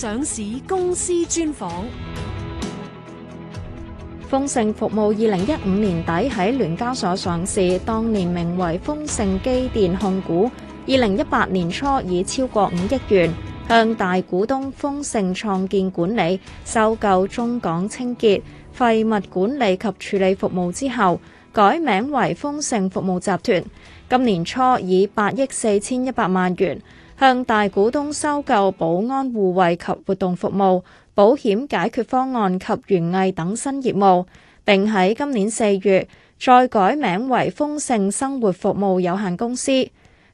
上市公司專訪。豐盛服務二零一五年底喺聯交所上市，當年名為豐盛機電控股。二零一八年初以超過五億元向大股東豐盛創建管理收購中港清潔廢物管理及處理服務之後，改名為豐盛服務集團。今年初以八億四千一百萬元，向大股東收購保安護衛及活動服務、保險解決方案及園藝等新業務，並喺今年四月再改名為豐盛生活服務有限公司。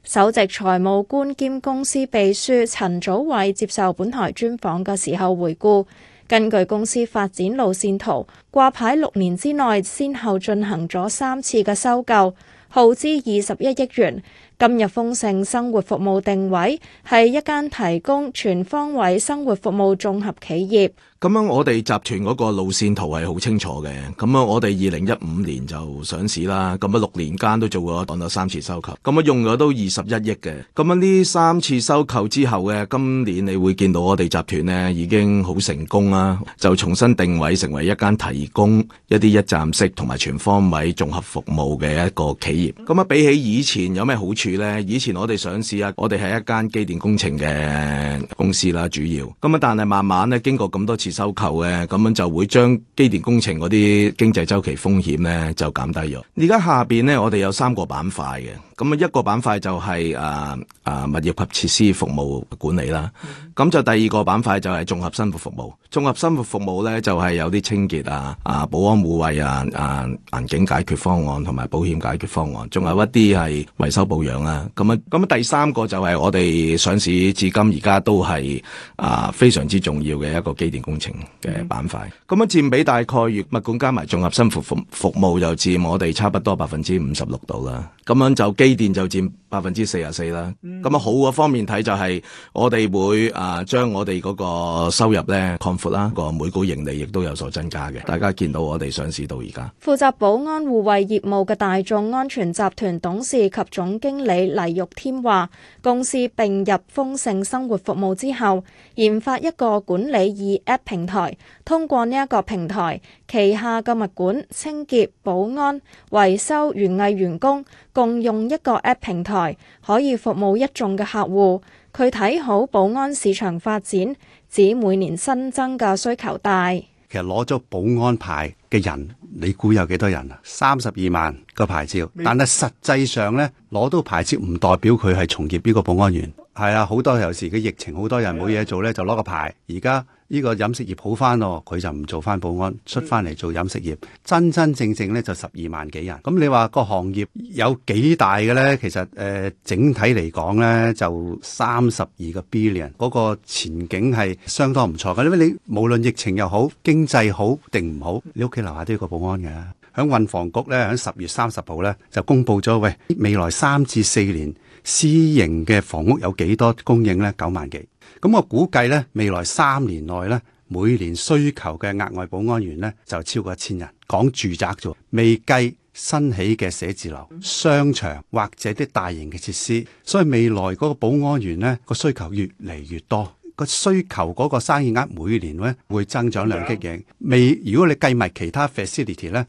首席財務官兼公司秘書陳祖偉接受本台專訪嘅時候回顧，根據公司發展路線圖，掛牌六年之內，先後進行咗三次嘅收購，耗資二十一億元。今日豐盛生活服務定位係一間提供全方位生活服務綜合企業。咁樣我哋集團嗰個路線圖係好清楚嘅。咁啊，我哋二零一五年就上市啦。咁啊，六年間都做過講咗三次收購。咁啊，用咗都二十一億嘅。咁啊，呢三次收購之後嘅今年你會見到我哋集團呢已經好成功啦。就重新定位成為一間提供一啲一站式同埋全方位綜合服務嘅一個企業。咁啊，比起以前有咩好處？以前我哋上市啊，我哋係一間機電工程嘅公司啦，主要咁啊，但係慢慢咧經過咁多次收購咧，咁樣就會將機電工程嗰啲經濟周期風險咧就減低咗。而家下邊咧，我哋有三個板塊嘅，咁啊，一個板塊就係啊啊物業及設施服務管理啦，咁就第二個板塊就係綜合生活服務。綜合生活服務咧就係有啲清潔啊、啊保安護衛啊、啊環境解決方案同埋保險解決方案，仲有一啲係維修保養。啦，咁啊，咁第三個就係我哋上市至今而家都係啊非常之重要嘅一個機電工程嘅板塊。咁、嗯、樣佔比大概月物管加埋綜合生活服服務就佔我哋差不多百分之五十六度啦。咁、嗯、樣就機電就佔百分之四十四啦。咁啊好嘅方面睇就係我哋會啊將我哋嗰個收入咧擴闊啦，個每股盈利亦都有所增加嘅。大家見到我哋上市到而家負責保安護衛業務嘅大眾安全集團董事及總經理。李黎玉天話，公司併入豐盛生活服務之後，研發一個管理二 app 平台，通過呢一個平台，旗下嘅物管、清潔、保安、維修、園藝員工共用一個 app 平台，可以服務一眾嘅客戶。佢睇好保安市場發展，指每年新增嘅需求大。其實攞咗保安牌嘅人，你估有幾多人啊？三十二萬個牌照，但係實際上咧，攞到牌照唔代表佢係從業呢個保安員。係啊，好多有時嘅疫情，好多人冇嘢做咧，就攞個牌。而家，呢個飲食業好翻喎，佢就唔做翻保安，出翻嚟做飲食業，真真正正呢，就十二萬幾人。咁你話個行業有幾大嘅呢？其實誒、呃、整體嚟講呢，就三十二個 billion，嗰個前景係相當唔錯嘅。因為你無論疫情又好，經濟好定唔好，你屋企樓下都有個保安嘅。喺運防局呢，喺十月三十號呢，就公布咗，喂，未來三至四年，私營嘅房屋有幾多供應呢？九萬幾。咁我估計呢，未來三年內呢，每年需求嘅額外保安員呢，就超過一千人。講住宅啫，未計新起嘅寫字樓、商場或者啲大型嘅設施，所以未來嗰個保安員呢，個需求越嚟越多，個需求嗰個生意額每年呢，會增長兩幾億。未如果你計埋其他 facility 呢。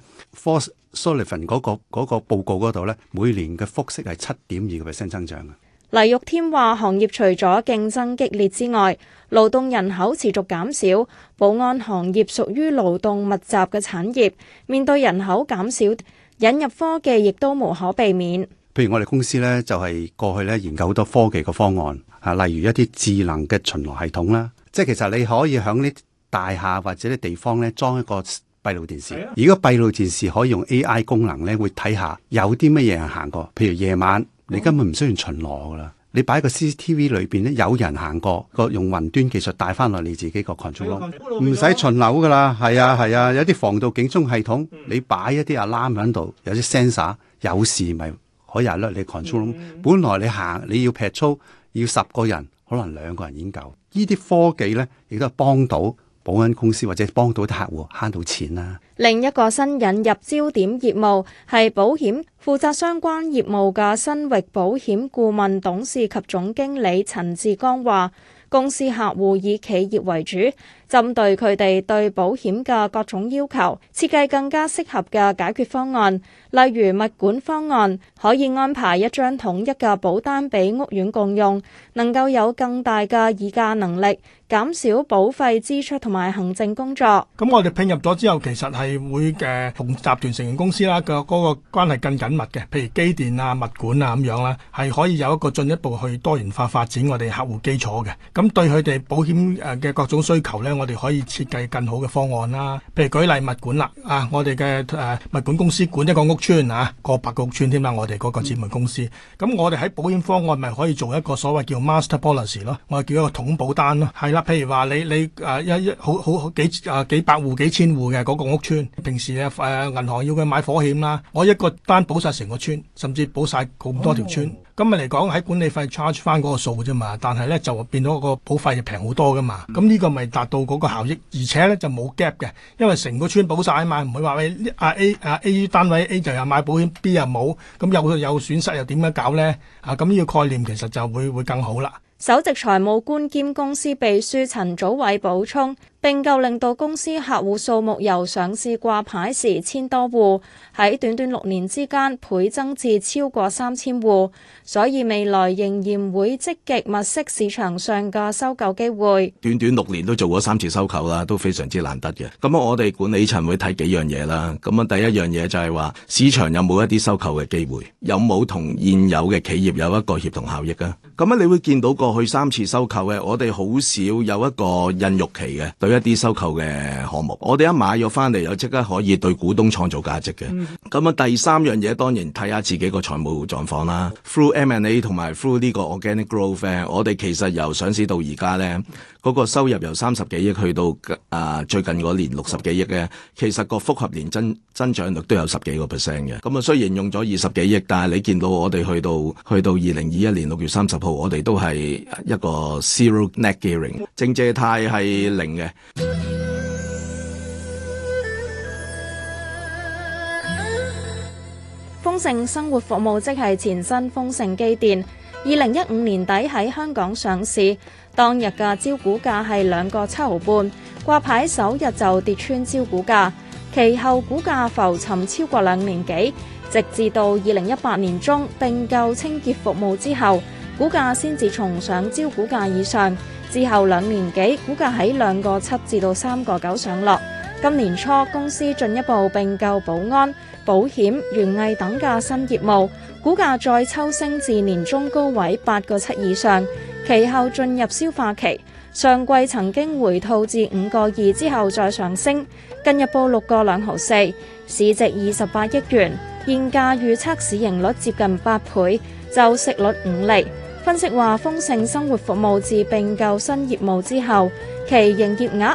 蘇利文嗰個嗰、那個報告嗰度呢，每年嘅複息係七點二個 percent 增長。黎玉天話：行業除咗競爭激烈之外，勞動人口持續減少，保安行業屬於勞動密集嘅產業，面對人口減少，引入科技亦都無可避免。譬如我哋公司呢，就係、是、過去咧研究好多科技嘅方案，啊，例如一啲智能嘅巡邏系統啦、啊，即係其實你可以喺呢大廈或者啲地方呢裝一個。閉路電視，如果閉路電視可以用 A I 功能咧，會睇下有啲乜嘢人行過。譬如夜晚，你根本唔需要巡邏噶啦。你擺個 C C T V 裏邊咧，有人行過，個用雲端技術帶翻落你自己個 control，唔使巡樓噶啦。係啊係啊，有啲防盜警鐘系統，嗯、你擺一啲 alarm 喺度，有啲 sensor，有事咪可以入甩你 control。嗯、本來你行你要劈粗，要十個人，可能兩個人已經夠。呢啲科技咧，亦都係幫到。保安公司或者幫到啲客戶慳到錢啦。另一個新引入焦點業務係保險，負責相關業務嘅新域保險顧問董事及總經理陳志剛話：公司客戶以企業為主。針對佢哋對保險嘅各種要求，設計更加適合嘅解決方案，例如物管方案，可以安排一張統一嘅保單俾屋苑共用，能夠有更大嘅議價能力，減少保費支出同埋行政工作。咁我哋聘入咗之後，其實係會嘅同集團成員公司啦嘅嗰個關係更緊密嘅，譬如機電啊、物管啊咁樣啦、啊，係可以有一個進一步去多元化發展我哋客戶基礎嘅。咁對佢哋保險誒嘅各種需求咧。我哋可以設計更好嘅方案啦，譬如舉例物管啦，啊，我哋嘅誒物管公司管一個屋村啊，過百個屋村添啦，我哋嗰個姊妹公司，咁我哋喺保險方案咪可以做一個所謂叫 master policy 咯，我叫一個統保單咯，係啦，譬如話你你誒一一好好幾誒幾百戶幾千戶嘅嗰個屋村，平時啊誒銀行要佢買火險啦，我一個單保曬成個村，甚至保曬咁多條村，咁咪嚟講喺管理費 charge 翻嗰個數啫嘛，但係咧就變咗個保費就平好多噶嘛，咁呢個咪達到。嗰個效益，而且咧就冇 gap 嘅，因為成個村保晒啊嘛，唔會話喂啊 A 啊 A, A 單位 A 就又買保險，B 又冇咁又有損失又點樣搞咧啊？咁呢個概念其實就會會更好啦。首席財務官兼公司秘書陳祖偉補充。併購令到公司客戶數目由上市掛牌時千多戶，喺短短六年之間倍增至超過三千戶，所以未來仍然會積極物色市場上嘅收購機會。短短六年都做過三次收購啦，都非常之難得嘅。咁我哋管理層會睇幾樣嘢啦。咁啊，第一樣嘢就係話市場有冇一啲收購嘅機會，有冇同現有嘅企業有一個協同效益啊？咁啊，你會見到過去三次收購嘅，我哋好少有一個孕育期嘅。有一啲收購嘅項目，我哋一買咗翻嚟又即刻可以對股東創造價值嘅。咁啊、嗯，第三樣嘢當然睇下自己個財務狀況啦。Through M&A 同埋 through 呢個 organic growth，我哋其實由上市到而家呢。嗯嗰個收入由三十幾億去到，啊，最近嗰年六十幾億嘅，其實個複合年增增長率都有十幾個 percent 嘅。咁啊，雖然用咗二十幾億，但係你見到我哋去到去到二零二一年六月三十號，我哋都係一個 zero net gearing，正借貸係零嘅。豐盛生活服務即係前身豐盛機電。二零一五年底喺香港上市，當日嘅招股價係兩個七毫半，掛牌首日就跌穿招股價，其後股價浮沉超過兩年幾，直至到二零一八年中併購清潔服務之後，股價先至重上招股價以上，之後兩年幾股價喺兩個七至到三個九上落。今年初公司進一步併購保安、保險、園藝等嘅新業務，股價再抽升至年中高位八個七以上，其後進入消化期。上季曾經回吐至五個二之後再上升，近日報六個兩毫四，市值二十八億元，現價預測市盈率接近八倍，收息率五厘。分析話豐盛生活服務自併購新業務之後，其營業額。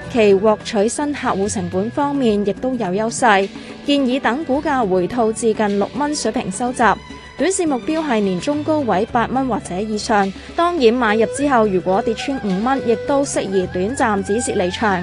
其獲取新客戶成本方面亦都有優勢，建議等股價回吐至近六蚊水平收集，短線目標係年中高位八蚊或者以上。當然買入之後如果跌穿五蚊，亦都適宜短暫止蝕離場。